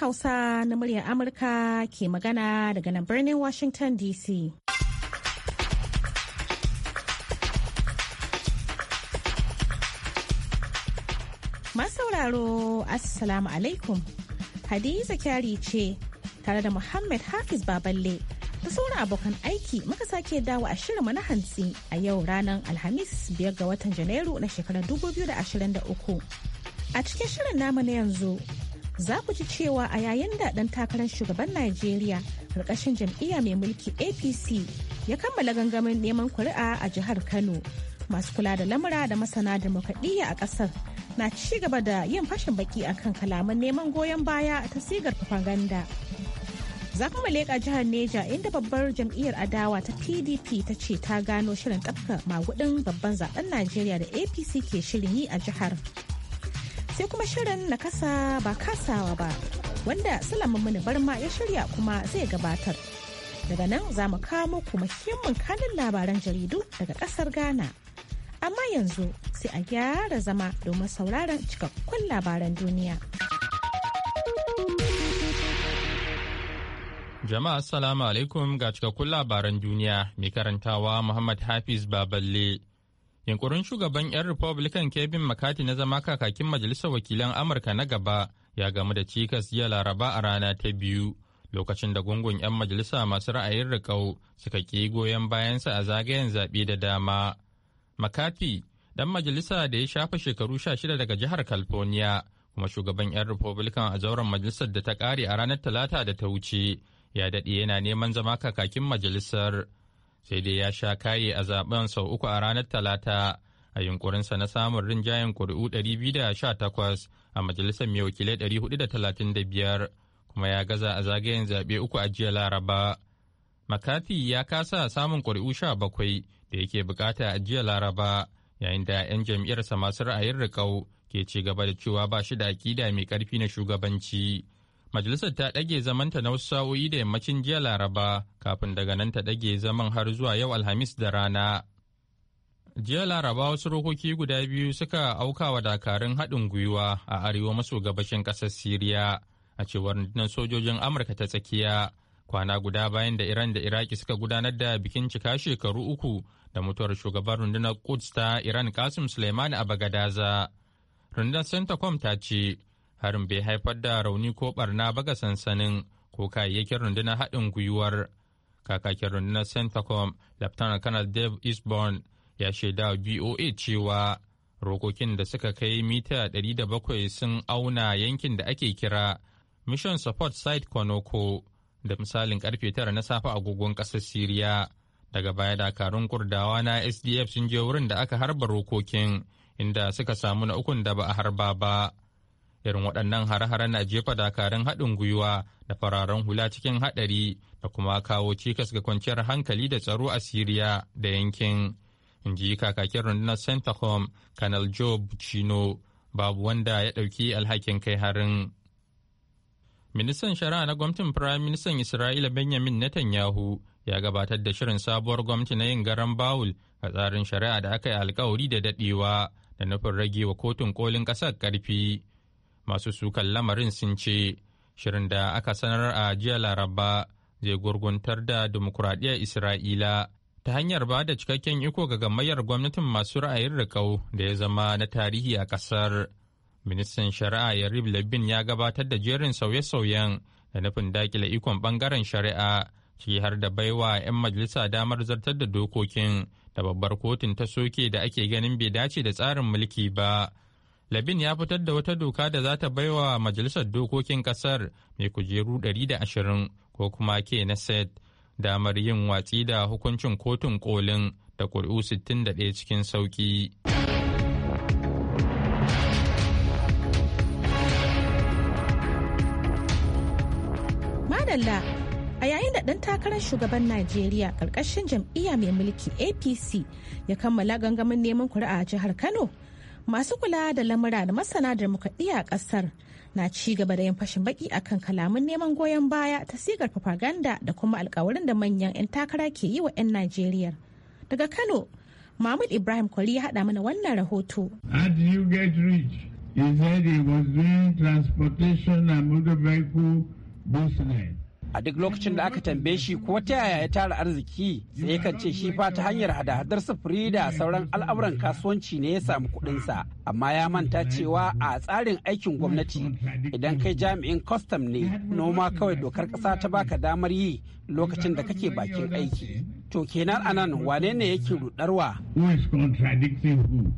Hausa na muryar Amurka ke magana daga nan birnin Washington DC. Masauraro, Assalamu alaikum. Hadiza kyari ce tare da Muhammad Hafiz Baballe ta sauran abokan aiki muka sake dawo a shirin na hantsi a yau ranar Alhamis biyar ga watan Janairu na shekarar 2023. A cikin shirin namu na yanzu za ku ji cewa a yayin da ɗan takarar shugaban Najeriya karkashin jam'iyya mai mulki APC ya kammala gangamin neman kuri'a a jihar Kano. Masu kula da lamura da masana demokradiyya a ƙasar na ci gaba da yin fashin baki akan kalaman neman goyon baya ta sigar propaganda. Za kuma leƙa jihar Neja inda babbar jam'iyyar adawa ta PDP ta ce ta gano shirin tafka magudin babban zaben Najeriya da APC ke shirin yi a jihar. sai kuma shirin na kasa ba kasawa ba wanda salamin mini barma ya shirya kuma zai gabatar daga nan za mu kawo muku muhimmin kanin labaran jaridu daga kasar ghana amma yanzu sai a gyara zama domin sauraron cikakkun labaran duniya jama'a assalamu alaikum ga cikakkun labaran duniya mai karantawa muhammad hafiz baballe Yankurin shugaban 'yan Republican Kevin McCarthy na zama kakakin Majalisar Wakilan Amurka na gaba ya gamu da cikas jiya Laraba a rana ta biyu lokacin da gungun 'yan majalisa masu ra'ayin riƙau suka ƙi goyon bayansa a zagayen zaɓe da dama. McCarthy dan majalisa da ya shafa shekaru sha shida daga jihar California kuma shugaban 'yan Republican a zauren majalisar da ta ƙare a ranar Talata da ta wuce ya daɗe yana neman zama kakakin majalisar. sai dai ya sha kaye a zaben sau uku a ranar talata a yunkurinsa na samun rinjayen kuri'u 218 a majalisar mai wakilai 435 kuma ya gaza a zagayen zaɓe uku a jiya laraba makati ya kasa samun kuri'u 17 da yake bukata a jiya laraba yayin da 'yan jam'iyyarsa masu ra'ayin rikau ke cigaba da cewa ba shi da aƙida mai ƙarfi na shugabanci. Majalisar ta ɗage zamanta na wasu sa'o'i da yammacin jiya Laraba kafin daga nan ta ɗage zaman har zuwa yau Alhamis da rana. Jiya Laraba wasu rokoki guda biyu suka auka wa dakarun haɗin gwiwa a arewa maso gabashin ƙasar Siriya a cewar rundunar sojojin Amurka ta tsakiya kwana guda bayan da Iran da Iraki suka gudanar da bikin cika shekaru uku da mutuwar shugaban rundunar Quds ta Iran Qasim suleiman a Bagadaza. Rundunar Centacom ta ce harin bai haifar da rauni ko barna ba ga sansanin ko kayayyakin rundunar haɗin gwiwar kakakin rundunar centacom lieutenant colonel dave eastbourne ya shaida boa cewa rokokin da suka kai mita 700 sun auna yankin da ake kira mission support site konoko da misalin karfe 9 na safe agogon ƙasar syria daga baya dakarun kurdawa na sdf sun je wurin da aka harba rokokin inda suka samu na ukun da ba a harba ba irin waɗannan hare-hare na jefa dakarun haɗin gwiwa da fararen hula cikin haɗari da kuma kawo cikas ga kwanciyar hankali da tsaro a siriya da yankin in ji kakakin rundunar centacom kanal joe buccino babu wanda ya ɗauki alhakin kai harin ministan shari'a na gwamnatin firayim ministan isra'ila benjamin netanyahu ya gabatar da shirin sabuwar gwamnati na yin garan bawul a tsarin shari'a da aka yi alkawari da daɗewa da nufin rage wa kotun kolin ƙasar karfi. masu sukan lamarin sun ce shirin da aka sanar a jiya laraba zai gurguntar da dimokuraɗiyyar isra'ila ta hanyar ba da cikakken iko ga gamayyar gwamnatin masu ra'ayin rikau da ya zama na tarihi a ƙasar ministan shari'a yarib labin ya gabatar da jerin sauye-sauyen da nufin dakile ikon bangaren shari'a ciki har da baiwa 'yan majalisa damar zartar da dokokin da babbar kotun ta soke da ake ganin bai dace da tsarin mulki ba labin ya fitar da wata doka da za ta baiwa majalisar dokokin kasar mai kujeru 120 ko kuma ke na set damar yin watsi da hukuncin kotun kolin da kuri'u 61 cikin sauki madalla a yayin da ɗan takarar shugaban najeriya ƙarƙashin jam'iyya mai mulki apc ya kammala gangamin neman kuri'a a jihar kano masu kula da lamura da masana da muka a ƙasar na ci gaba da yin fashin baki akan kalaman neman goyon baya ta sigar propaganda da kuma alkawarin da manyan 'yan takara ke yi wa 'yan najeriya daga kano mahmud ibrahim kwari ya haɗa mana wannan rahoto as you get rich he said he was doing transportation and motor vehicle business a duk lokacin da aka tambaye shi ko ta yaya ya tara arziki sai kan ce shi fa ta hanyar hada-hadar sufuri da sauran al'amuran kasuwanci ne ya samu kuɗinsa amma ya manta cewa a tsarin aikin gwamnati idan kai jami'in kwastam ne noma kawai dokar ƙasa ta baka damar yi lokacin da kake bakin aiki to kenan anan wane ne yake rudarwa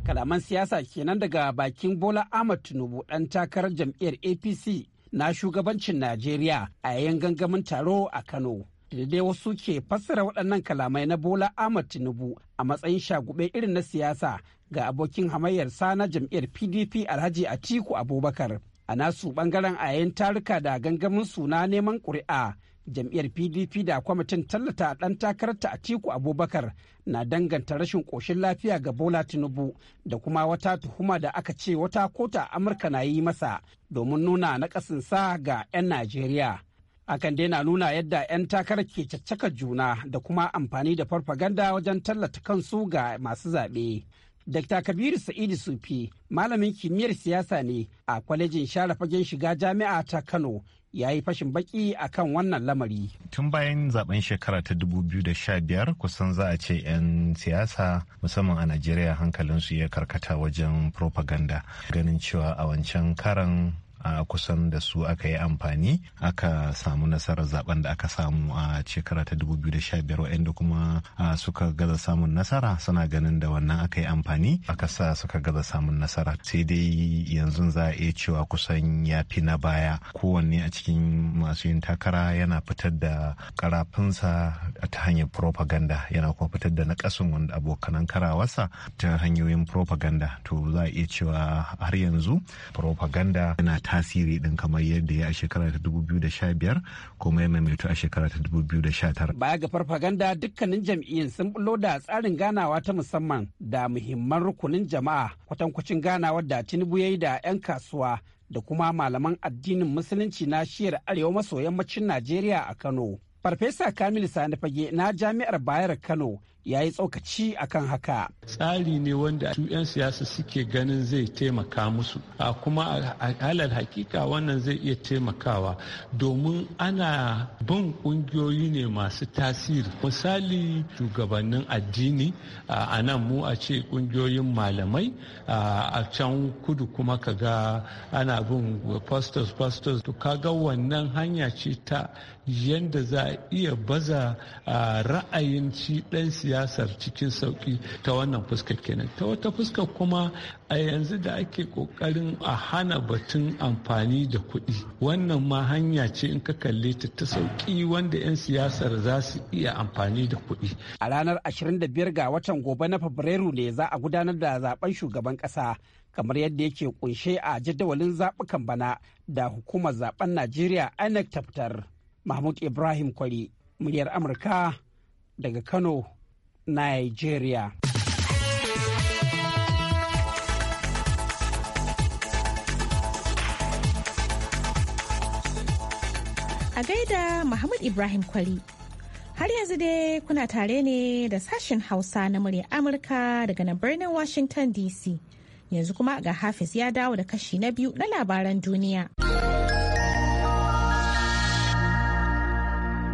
kalaman siyasa kenan daga bakin bola ahmad tinubu dan takarar jam'iyyar apc na shugabancin Najeriya a yayin gangamin taro a Kano. Da dai wasu ke fassara waɗannan kalamai na Bola Ahmad Tinubu a matsayin shagube irin na siyasa ga abokin hamayyarsa na jam'iyyar PDP Alhaji Atiku Abubakar. A nasu ɓangaren a yayin taruka da gangamin su na neman ƙuri'a. jam'iyyar pdp da kwamitin tallata ɗan takararta a tiku abubakar na danganta rashin ƙoshin lafiya ga bola tinubu da kuma wata tuhuma da aka ce wata kota amurka na yi masa domin nuna nakasinsa ga 'yan najeriya akan dai na nuna yadda 'yan takarar ke caccaka juna da kuma amfani da farfaganda wajen tallata kansu ga masu zaɓe Dr. Kabiru Sa'idu Sufi malamin kimiyyar siyasa ne a kwalejin share fagen shiga jami'a ta Kano ya yi fashin baki a kan wannan lamari. Tun bayan zaben shekara ta 2015 kusan za a ce 'yan siyasa musamman a Najeriya hankalinsu ya karkata wajen propaganda ganin cewa a wancan karan a kusan da su aka yi amfani aka samu nasarar zaben da aka samu a shekara ta 2015 wa'anda kuma suka gaza samun nasara suna ganin da wannan aka yi amfani aka sa suka gaza samun nasara sai dai yanzu za a iya cewa kusan ya fi na baya kowanne a cikin masu yin takara yana fitar da karafinsa ta hanyar propaganda yana kuma fitar da nakasun wanda abokanan karawarsa ta hanyoyin propaganda to za a iya cewa har yanzu propaganda yana ta tasiri din kamar yadda ya a shekara ta 2015 kuma ya maimaitu a shekara ta 2019. Baya ga farfaganda dukkanin jam'iyyun sun bullo da tsarin ganawa ta musamman da muhimman rukunin jama'a kwatankwacin ganawar da Tinubu ya yi da 'yan kasuwa da kuma malaman addinin musulunci na shiyar arewa maso yammacin Najeriya a Kano. Farfesa Kamilu Sani Fage na Jami'ar Bayar Kano ya yi tsokaci akan haka. Tsari ne wanda su 'yan siyasa suke ganin zai taimaka musu, a kuma halal hakika wannan zai iya taimakawa domin ana bin ƙungiyoyi ne masu tasiri. Misali shugabannin addini a nan mu a ce ƙungiyoyin malamai a can kudu kuma ka ga ana bin pastors pastors to kaga wannan hanya ce ta yadda za iya baza ra'ayin ci ɗan siyasar cikin sauƙi ta wannan fuskar kenan ta wata fuskar kuma a yanzu da ake ƙoƙarin a hana batun amfani da kuɗi wannan ma hanya ce in ka kalle ta ta sauƙi wanda 'yan siyasar za su iya amfani da kuɗi a ranar 25 ga watan gobe na fabrairu ne za a gudanar da zaben shugaban ƙasa kamar yadda yake kunshe a jadawalin zaɓukan bana da hukumar zaben najeriya inec ta fitar mahmud ibrahim kwari muryar amurka daga kano nigeria a gaida mahmud ibrahim kwari Har yanzu dai kuna tare ne da sashen Hausa na muryar Amurka daga nan birnin Washington DC. Yanzu kuma ga Hafiz ya dawo da kashi na biyu na labaran duniya.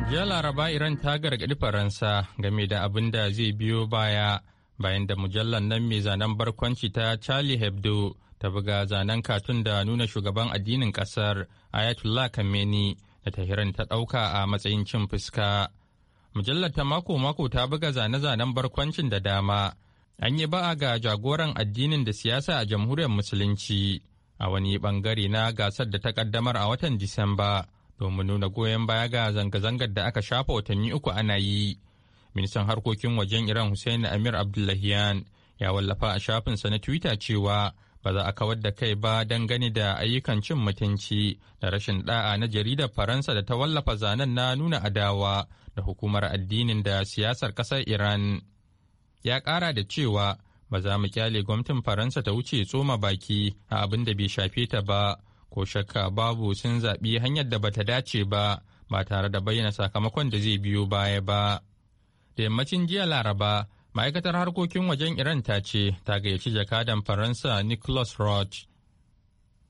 Jiya Laraba Iran ta gargaɗi Faransa game da abin da zai biyo baya bayan da mujallar nan mai zanen barkwanci ta Charlie Hebdo ta buga zanen katun da nuna shugaban addinin ƙasar Ayatollah Khamenei da Tahiran ta ɗauka a matsayin cin fuska. Mujallar ta mako-mako ta buga zane-zanen barkwancin da dama. An yi ba'a ga jagoran addinin da siyasa a jamhuriyar Musulunci a wani bangare na gasar da ta kaddamar a watan Disamba. domin nuna goyon baya ga zanga-zangar da aka shafa watanni uku ana yi. Ministan harkokin wajen Iran Hussein Amir Abdullahian ya wallafa a shafinsa na Twitter cewa ba za a kawar da kai ba gani da ayyukan cin mutunci da rashin da'a na jaridar Faransa da ta wallafa zanen na nuna adawa da hukumar addinin da siyasar ƙasar Iran. Ya ƙara da cewa ba za mu kyale gwamnatin Faransa ta wuce tsoma baki a abin da bai shafe ta ba ko shakka babu sun zaɓi hanyar da bata dace ba ba tare da bayyana sakamakon da zai biyo baya ba da yammacin jiya laraba ma'aikatar harkokin wajen iran ta ce ta gayyaci jakadan faransa nicholas roch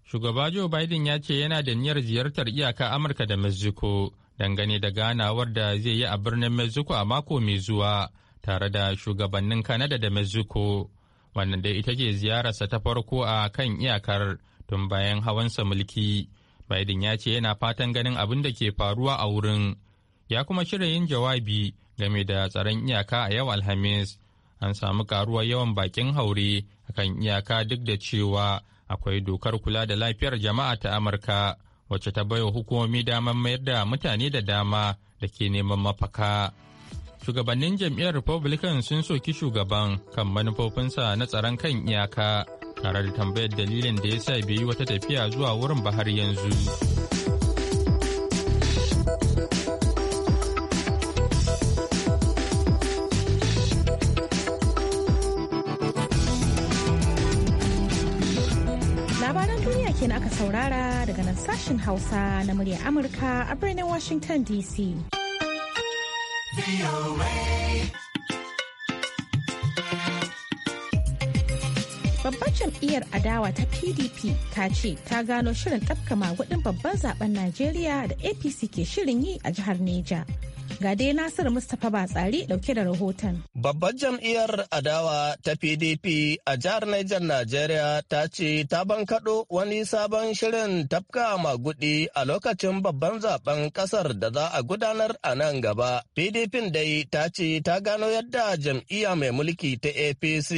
shugaba joe biden ya ce yana da niyyar ziyartar iyaka amurka da mexico dangane da ganawar da zai yi a birnin mexico a mako mai zuwa tare da shugabannin canada da mexico wannan dai ita ce ziyararsa ta farko a kan iyakar tun bayan hawansa mulki biden ya ce yana fatan ganin abin da ke faruwa a wurin ya kuma shirya yin jawabi game da tsaron iyaka a yau alhamis an samu karuwar yawan bakin haure akan iyaka duk da cewa akwai dokar kula da lafiyar jama'a ta amurka wacce ta baiwa hukumomi damar mayar da mutane da dama da ke neman mafaka shugabannin jam'iyyar republican sun soki shugaban kan manufofinsa na tsaron kan iyaka tare da tambayar dalilin da ya sa bai yi wata tafiya zuwa wurin ba har yanzu. Labaran duniya kenan aka saurara daga nan sashen Hausa na muryar Amurka a birnin Washington DC. babbar jam'iyyar adawa ta pdp ta ce ta gano shirin tafka magudin babban zaben najeriya da apc ke shirin yi a jihar neja Ga dai Nasiru Mustapha Batsari dauke da rahoton. Babbar jam'iyyar adawa ta PDP a jihar Niger Najeriya ta ce ta bankaɗo wani sabon shirin tafka magudi a lokacin babban zaben kasar da za a gudanar a nan gaba. PDP dai ta ce ta gano yadda jam'iyya mai mulki ta APC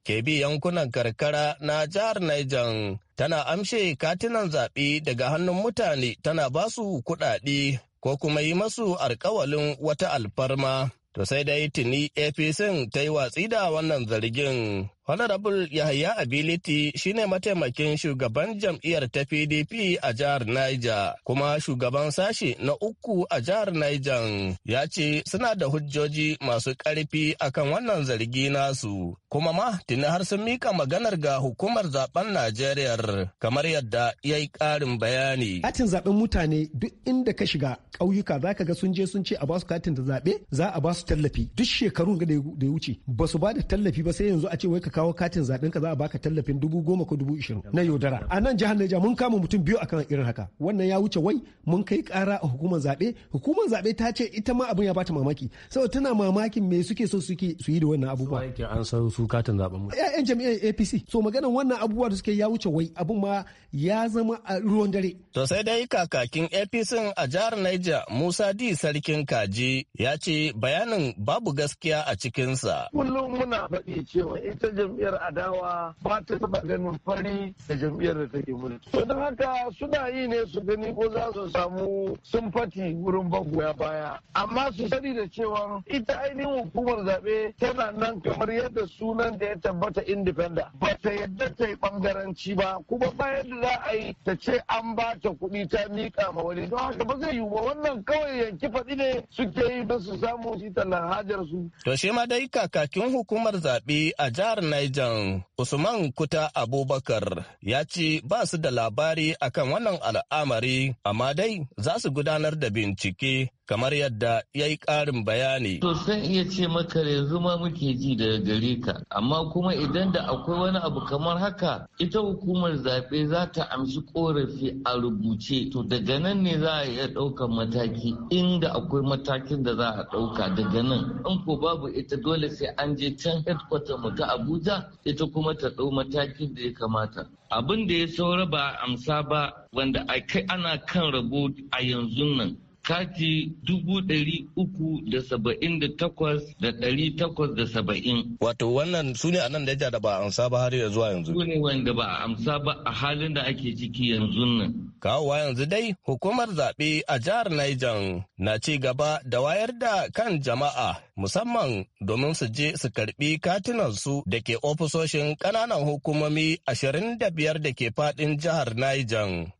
ke bi yankunan karkara na jihar Niger. tana amshe katinan zaɓe daga hannun mutane tana basu su kuɗaɗe ko kuma yi masu alkawalin wata alfarma. To sai dai tuni APC ta yi watsi da wannan zargin Honorable Yahaya Ability shine mataimakin shugaban jam'iyyar ta PDP a jihar Niger kuma shugaban sashi na uku a jihar Niger ya ce suna da hujjoji masu karfi akan wannan zargi nasu kuma ma tuni har sun mika maganar ga hukumar zaben Najeriya kamar yadda ya yi ƙarin bayani. Katin zaben mutane duk inda ka shiga ƙauyuka za ka ga sun je sun ce a basu katin da zaɓe za a basu tallafi duk shekarun da ya wuce ba su ba da tallafi ba sai yanzu a ce wai ka kawo katin zaɓen ka za a baka tallafin dubu goma ko dubu ishirin na yaudara a nan jihar Niger mun kama mutum biyu akan irin haka wannan ya wuce wai mun kai ƙara a hukumar zaɓe hukumar zaɓe ta ce ita ma abin ya bata mamaki saboda tana mamakin me suke so suke su yi da wannan abubuwa an san su katin zaɓen mu ƴaƴan jami'an APC so maganar wannan abubuwa da suke ya wuce wai abin ma ya zama a ruwan dare to sai dai kakakin APC a jihar Niger Musa D sarkin kaji ya ce bayanin babu gaskiya a cikinsa kullum muna faɗi cewa ita jam'iyyar adawa ba ta taba ganin fari da jam'iyyar da take mulki to don haka suna yi ne su gani ko za su samu sun fati wurin bagoya baya amma su sani da cewa ita ainihin hukumar zaɓe tana nan kamar yadda sunan da ya tabbata independent ba ta yadda ta yi bangaranci ba kuma bayan da za a yi ta ce an ba ta kuɗi ta miƙa ma wani don haka ba zai yiwu ba wannan kawai yanki faɗi ne suke yi don su samu shi tallan hajar su. To shi ma dai kakakin hukumar zaɓe a jihar Niger, Usman Kuta Abubakar, ya ce ba su da labari akan wannan al'amari, amma dai za su gudanar da bincike kamar yadda ya yi ƙarin bayani. To iya ce maka yanzu ma muke ji daga gare ka, amma kuma idan da akwai wani abu kamar haka ita hukumar zaɓe za ta amshi ƙorafi a rubuce, to daga nan ne za a iya ɗaukar mataki inda akwai matakin da za a ɗauka daga nan. In ko babu ita dole sai an je can headquarter mu ta Abuja ita kuma ta ɗau matakin da ya kamata. Abin da ya saura ba amsa ba wanda ana kan rabo a yanzu nan kati dubu ɗari uku da saba'in da takwas da ɗari takwas da saba'in. Wato wannan su ne a nan da da ba a amsa ba har ya zuwa yanzu. Su ne wanda ba a amsa ba a halin da ake ciki yanzu nan. Kawowa yanzu dai hukumar zaɓe a jihar Niger na ci gaba da wayar da kan jama'a musamman domin su je su karɓi katinansu da ke ofisoshin ƙananan hukumomi ashirin da biyar da ke faɗin jihar Niger.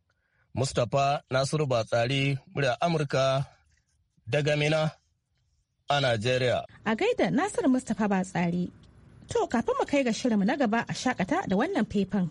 Mustapha Nasiru Batsari, murya Amurka daga Mina a Najeriya. A gaida Nasiru Mustapha Batsari. To kafin mu kai ga shirinmu na gaba a shakata da wannan faifan.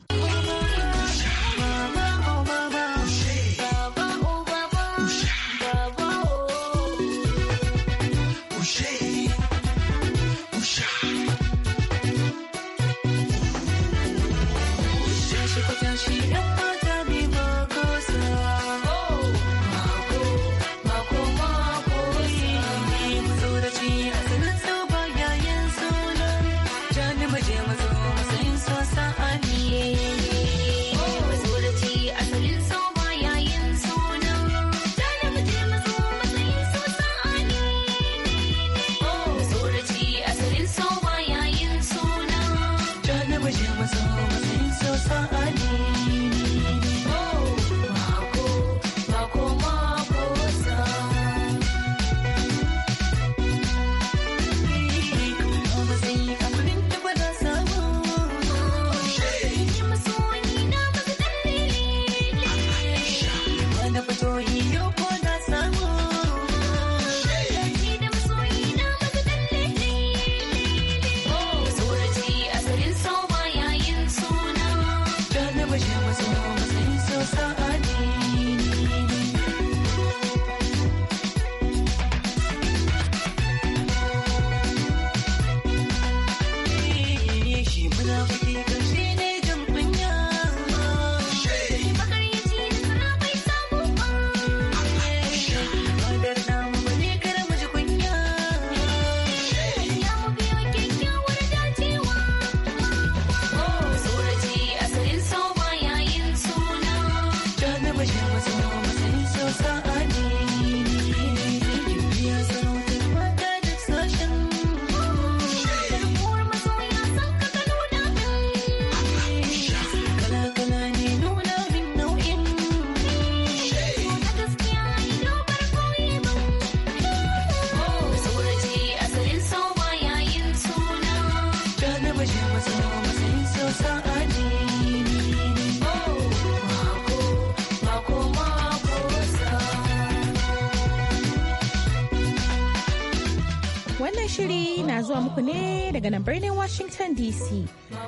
daga nan birnin Washington DC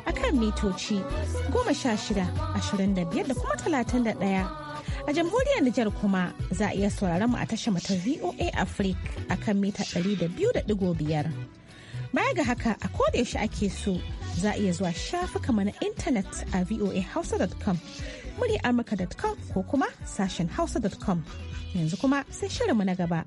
a kan mitoci 16, 25 da kuma 31. A jamhuriyar Nijar kuma za a iya sauraron mu a tashar mata VOA Africa a kan mita 200.5. Baya ga haka a yaushe ake so za a iya zuwa shafuka mana intanet a voahausa.com, muryamurka.com ko kuma sashen hausa.com. Yanzu kuma sai shirinmu na gaba.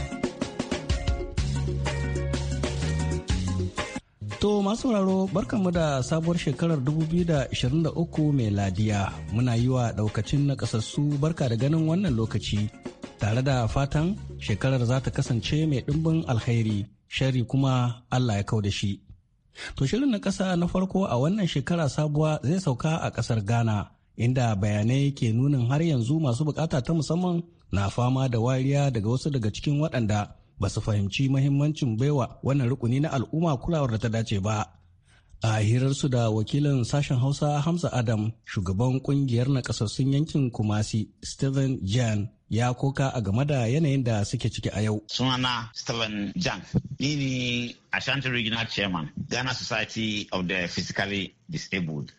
masu sauraro barkanmu da sabuwar shekarar 2023 mai ladiya muna yi wa daukacin na kasassu barka da ganin wannan lokaci tare da fatan shekarar za ta kasance mai ɗimbin alkhairi shari kuma Allah ya kau da shi. To shirin na ƙasa na farko a wannan shekara sabuwa zai sauka a ƙasar Ghana inda bayanai ke nunin har yanzu masu bukata ta musamman na fama da wariya daga wasu daga cikin waɗanda ba su fahimci mahimmancin baiwa wannan rukuni na al'umma kulawar da ta dace ba a hirarsu da wakilin sashen hausa hamza adam shugaban kungiyar nakasassun yankin kumasi steven jan ya koka a game da yanayin da suke ciki a yau. Sunana Steven jan ni ne Ashanti Regional Chairman, Ghana Society of the Physically Disabled.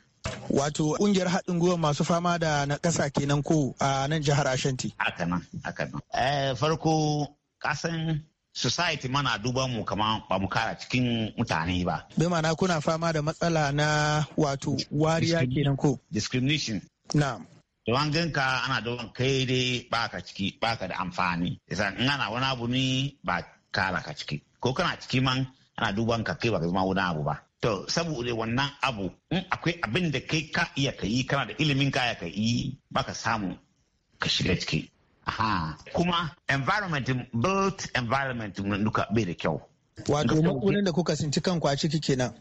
Wato kungiyar haɗin gwiwa masu fama da na ƙasa kenan ko a nan jihar Ashanti. Haka nan, haka nan. Eh, farko kasan society mana duba mu kamar ba mu kara cikin mutane ba. Bai mana kuna fama da matsala na wato wariya kenan ko? Discrimination. Na. Da ganka ana duban kai dai baka ciki baka da amfani. Isa in ana wani abu ni ba kara ka ciki. Ko kana ciki man ana duban ka kai ba ka zama wani abu ba. To saboda wannan abu in akwai abin da kai ka iya ka yi kana da ilimin ka ya ka yi baka samu ka shiga ciki. kuma environment built environment duka bai da kyau wato makonin da kuka sinci kanku a ciki kenan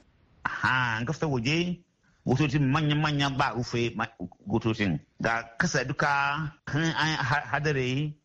ha an gafta waje gotocin manyan-manyan ba rufe gotocin da kasa duka kan an hadare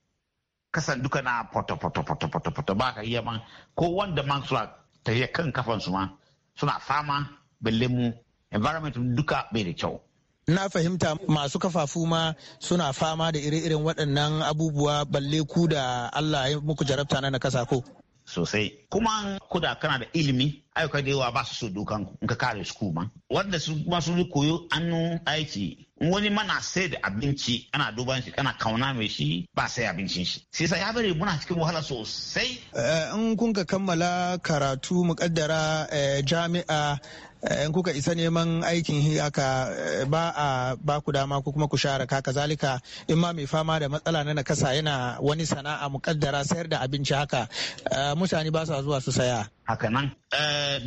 kasa duka na poto-poto-poto, foto ba ka iya man ko wanda man suna tafiya kan kafan su ma suna fama balle mu environment duka bai da kyau na fahimta masu kafafu ma suna fama da ire-iren waɗannan abubuwa balle ku da Allah ya muku jarabta na kasa ko sosai kuma da kana da ilimi ayyuka da yawa ba su so dukan ka kare su kuma wanda su masu koyo annu aiki wani mana sai da abinci ana duban shi ana kauna mai shi ba sai abincin shi sai sa ya bari muna cikin wahala sosai eh, in kun ka kammala karatu mukaddara eh, jami'a Eh, in kuka isa neman aikin haka eh, ba a ba ku dama ko kuma ku share kaka zalika in ma mai fama da matsala na nakasa yana wani sana'a mukaddara sayar da abinci haka eh, mutane ba sa zuwa su saya haka nan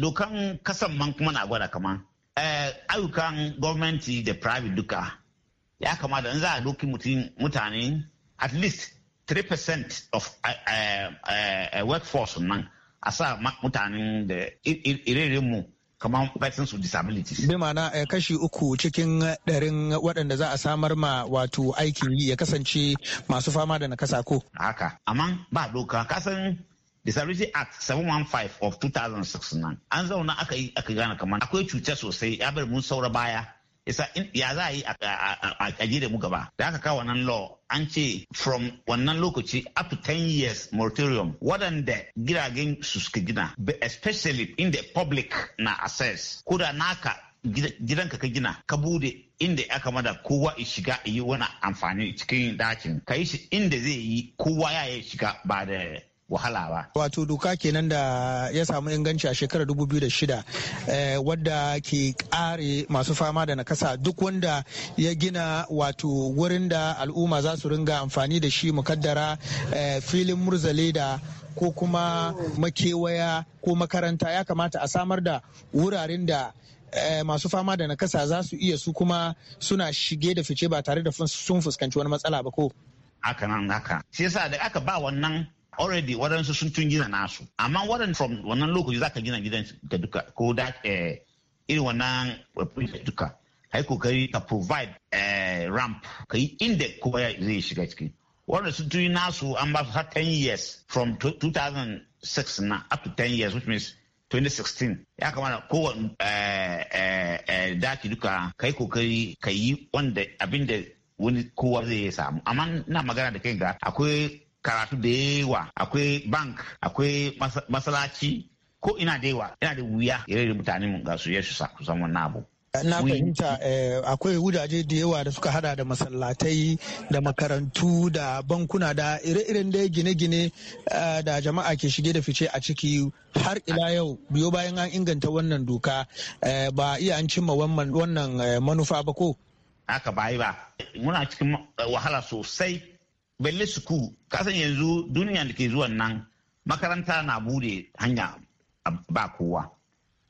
dokan kasan man kuma na gwada kaman ayyukan gwamnati da private duka ya kamata in za a doki mutane at least 3% of uh, uh, uh, workforce nan a sa mutanen da ire mu kamar persons with disabilities. Bi ma'ana eh, kashi uku cikin ɗarin waɗanda za a samar ma wato aikin yi ya kasance masu fama da nakasa ko. Haka, amma ba doka kasan Disability Act 715 of 2006 nan an zauna aka yi aka gane kamar akwai cuta sosai ya bari mun saura baya yasa ya za a yi a ji da mu gaba da aka kawo wannan law an ce from wannan lokaci up to 10 years moratorium waɗanda giragen su suka gina especially in the public na access ko da naka gidanka ka gina ka bude inda ya kamata kowa ya shiga yi wani amfani cikin dakin ka yi shi inda zai yi kowa ya ya shiga ba da wahala ba. Wato doka kenan da ya samu inganci a shekarar dubu shida eh, wadda ke kare masu fama da nakasa duk wanda ya gina wato wurin da al'umma za su ringa amfani da shi mukaddara eh, filin murzale da ko kuma makewaya ko makaranta ya kamata a samar da wuraren da eh, masu fama da nakasa za su iya su kuma suna shige da fice ba tare da sun fuskanci wani matsala ba ko. Haka nan haka. Shi yasa da aka ba wannan already waɗansu sun tun gina nasu amma waɗanda from wannan lokaci za ka gina gidan ka duka ko da eh, irin wannan duka kai kokari ka provide eh, ramp ka yi inda kowa zai shiga ciki wanda sun tun nasu an ba su har 10 years from 2006 na up to 10 years which means 2016 ya kamata kowane eh, daki duka kai kokari ka yi wanda abinda wani kowa zai samu amma na magana da kai ga akwai karatu da yawa akwai bank akwai masalaci ko ina da yawa yana da wuya mutane mutanen ga su su san wannan abu na fahimta eh, akwai wujaje da yawa da suka hada da masallatai da makarantu da bankuna da ire-iren da gine-gine eh, da jama'a ke shige da fice a ciki har ila yau biyo bayan an inganta wannan doka eh, ba iya an cimma wannan manufa ba ko haka bayi ba muna cikin wahala sosai belle suku kasan yanzu duniya da ke zuwan nan makaranta na bude hanya ba kowa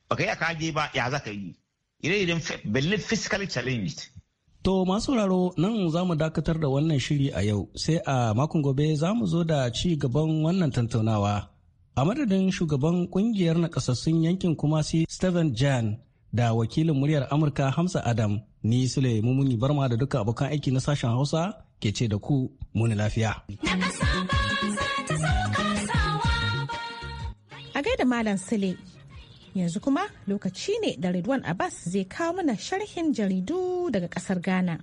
ba ka yi kaje ba ya za ka yi ire-iren belle fiscal challenge To masu sauraro nan za mu dakatar da wannan shiri a yau sai a makon gobe za mu zo da ci gaban wannan tantaunawa. A madadin shugaban kungiyar nakasassun yankin si Steven Jan da wakilin muryar Amurka Hamza Adam ni Sule Mumuni Barma da duka abokan aiki na sashen Hausa ke ce da ku muni lafiya. A gaida Malam Sule, yanzu kuma lokaci ne da Ridwan Abbas zai kawo mana sharhin jaridu daga ƙasar Ghana.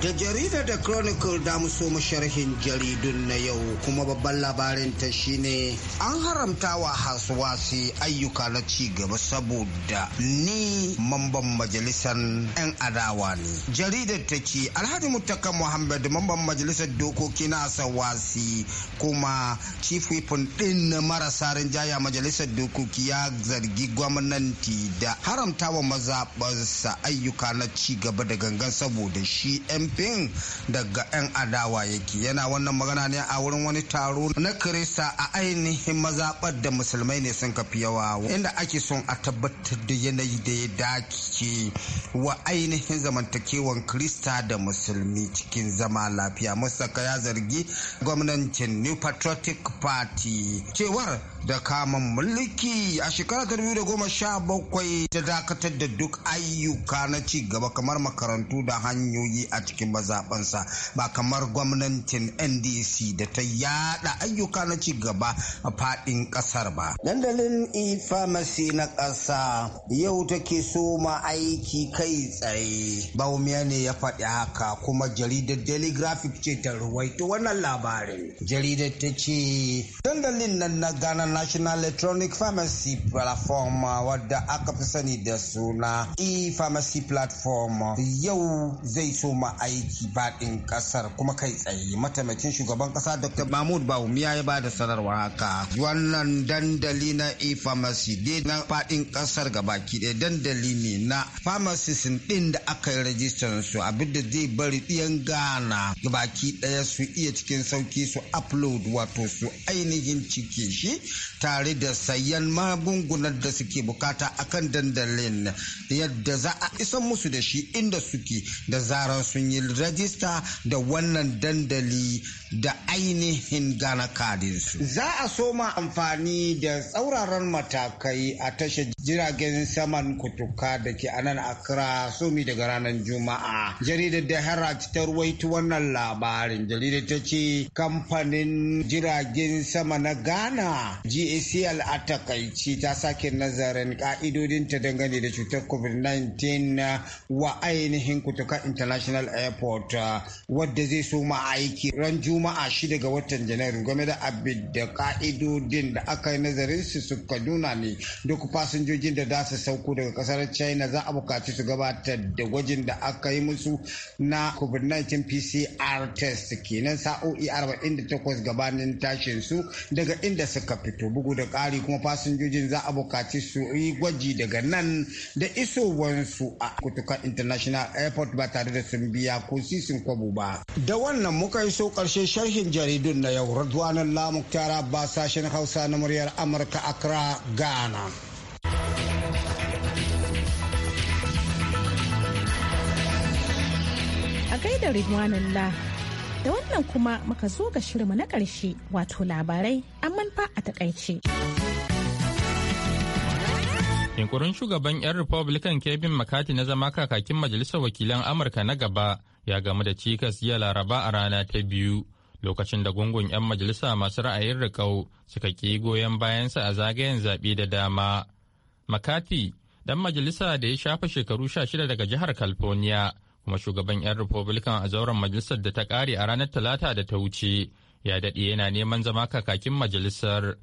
Da jaridar da Chronicle da muso masharhin jaridun na yau kuma babban labarin ta shine an haramta wa hasuwasi ayyuka na ci gaba saboda ni mamban majalisar 'yan adawa ne. Jaridar ta ce Alhaji mutaka Muhammad mamban majalisar dokoki na Asawasi kuma chief whip din na marasa rinjaya majalisar dokoki ya zargi gwamnati da haramtawa mazaɓarsa ayyuka na ci gaba da gangan saboda shi 'yan jinping daga 'yan adawa yake yana wannan magana ne a wurin wani taro na kirista a ainihin mazaɓar da musulmai ne sun kafi yawa inda ake son a tabbatar da yanayi da ya dace wa ainihin zamantakewan kirista da musulmi cikin zama lafiya masaka ya zargi gwamnatin new patriotic party cewar da kamun mulki a shekarar bakwai, ta dakatar da duk ayyuka na ci gaba kamar makarantu da hanyoyi a cikin mazaɓansa ba kamar gwamnatin ndc da ta yada ayyuka na ci gaba a faɗin ƙasar ba dandalin e-pharmacy na ƙasa yau take so ma aiki kai tsaye baumiya ne ya faɗi haka kuma jaridar daily graphic ce ta ruwaito wannan labarin jaridar ta ce dandalin nan na gana National Electronic Pharmacy Platform wadda aka fi sani da suna e-pharmacy platform yau zai so ma aiki baɗin ƙasar kuma kai tsaye mataimakin shugaban ƙasa Dr. Mahmud Bawumia ya ba da sanarwa haka. Wannan dandali na e-pharmacy dai na faɗin ƙasar baki ɗaya dandali ne na pharmacies ɗin da aka yi rajistar su abinda zai bari ɗiyan Ghana k'i ɗaya su iya cikin sauki su upload wato su ainihin cike shi tare da sayan magungunan da suke bukata akan dandalin yadda za a isan musu da shi inda suke da zarar sun yi rajista da wannan dandali da ainihin gana kadinsu. Za a soma amfani da tsauraran matakai a tashar jiragen saman kutuka da ke anan kira somi daga ranar Juma'a. Jaridar da herat ta ruwaitu wannan labarin. Jaridar ta ce kamfanin jiragen sama na Ghana gacl a takaici ta sake nazarin ka'idodinta dangane da cutar covid-19 uh, wa ainihin kutuka international airport uh, wadda zai soma aiki ran juma'a shida ga watan janairu game da abin da ka'idodin da aka yi nazarin su suka nuna ne duk fasinjojin da za su sauko daga kasar china za a bukaci su gabatar da gwajin da aka yi musu na covid-19 pcr test kenan sa'o'i 48 gabanin tashin su daga inda suka fito to bugu da ƙari kuma fasinjojin za a bukaci su yi gwaji daga nan da isowansu a kutuka international airport ba tare da sun biya ko sisin kwabo ba da wannan muka yi so karshe sharhin jaridun na yau radwanan lamuk tara ba sashen hausa na muryar amurka accra ghana a gaida ridwanan la Da wannan kuma muka zo ga shirinmu na ƙarshe wato labarai an manfa a takaice. Yunkurin shugaban 'yan Republican Kevin McCarthy na zama kakakin Majalisar Wakilan Amurka na gaba ya gamu da cikas jiya Laraba a rana ta biyu. Lokacin da gungun 'yan majalisa masu ra'ayin riƙau suka ƙi goyon bayansa a zagayen zaɓe da dama. McCarthy, dan majalisa da ya shafa shekaru 16 daga jihar California, kuma shugaban 'yan republican a zauren majalisar da ta kare a ranar talata da ta wuce ya daɗe yana neman zama kakakin majalisar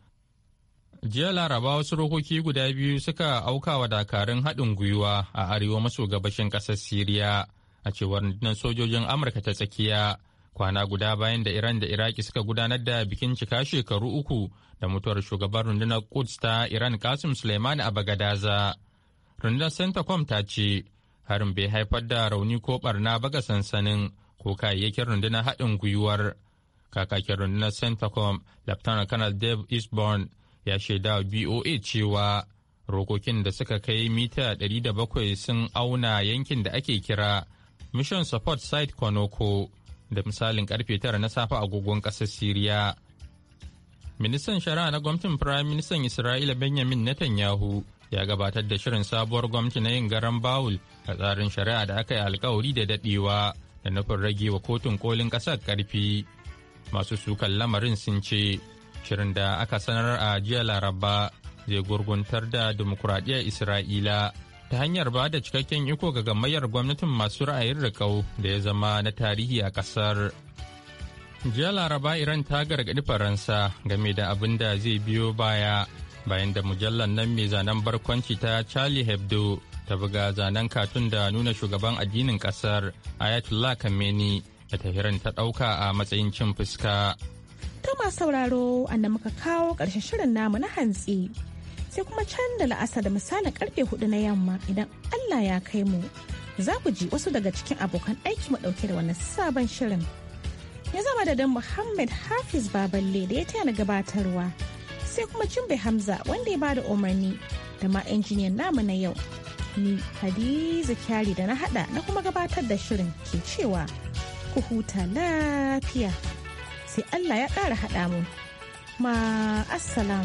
jiya laraba wasu rokoki guda biyu suka auka wa dakarun haɗin gwiwa a arewa maso gabashin ƙasar siriya a cewar rundunar sojojin amurka ta tsakiya kwana guda bayan da iran da iraki suka gudanar da bikin cika shekaru uku da mutuwar shugaban rundunar quds ta iran kasim suleimani a bagadaza rundunar centacom ta ce harin bai haifar da rauni ko barna ba ga sansanin ko kayayyakin rundunar haɗin gwiwar kakakin rundunar centacom lieutenant colonel dave eastbourne ya shaida boa cewa rokokin da suka kai mita 700 sun auna yankin da ake kira mission support site konoko da misalin karfe 9 na safe agogon ƙasar syria ministan shari'a na gwamnatin firayim ministan isra'ila benjamin netanyahu ya gabatar da shirin sabuwar gwamnati na yin garan bawul a tsarin shari'a da aka yi alkawari da dadewa da nufin rage wa kotun kolin kasar karfi masu sukan lamarin sun ce shirin da aka sanar a jiya laraba zai gurguntar da demokuraɗiyyar isra'ila ta hanyar ba da cikakken iko ga gamayyar gwamnatin masu ra'ayin rikau da ya zama na tarihi a ƙasar. jiya laraba iran ta gargaɗi faransa game da abin da zai biyo baya bayan da mujallar nan mai zanen barkwanci ta charlie hebdo ta buga zanen katun da nuna shugaban addinin kasar ayatollah kameni da tahiran ta dauka a matsayin cin fuska. Tama sauraro anda muka kawo karshen shirin namu na hantsi sai kuma can da la'asa da misalin karfe hudu na yamma idan Allah ya kai mu za ku ji wasu daga cikin abokan aiki mu ɗauke da wannan sabon shirin. Ya zama da dan Muhammad Hafiz Baballe da ya taya na gabatarwa sai kuma Jumbe Hamza wanda ya bada umarni da ma injiniyan namu na yau. ni Hadiza Kyari da na hada na kuma gabatar da shirin ke cewa ku huta lafiya sai Allah ya ƙara haɗa mu. Ma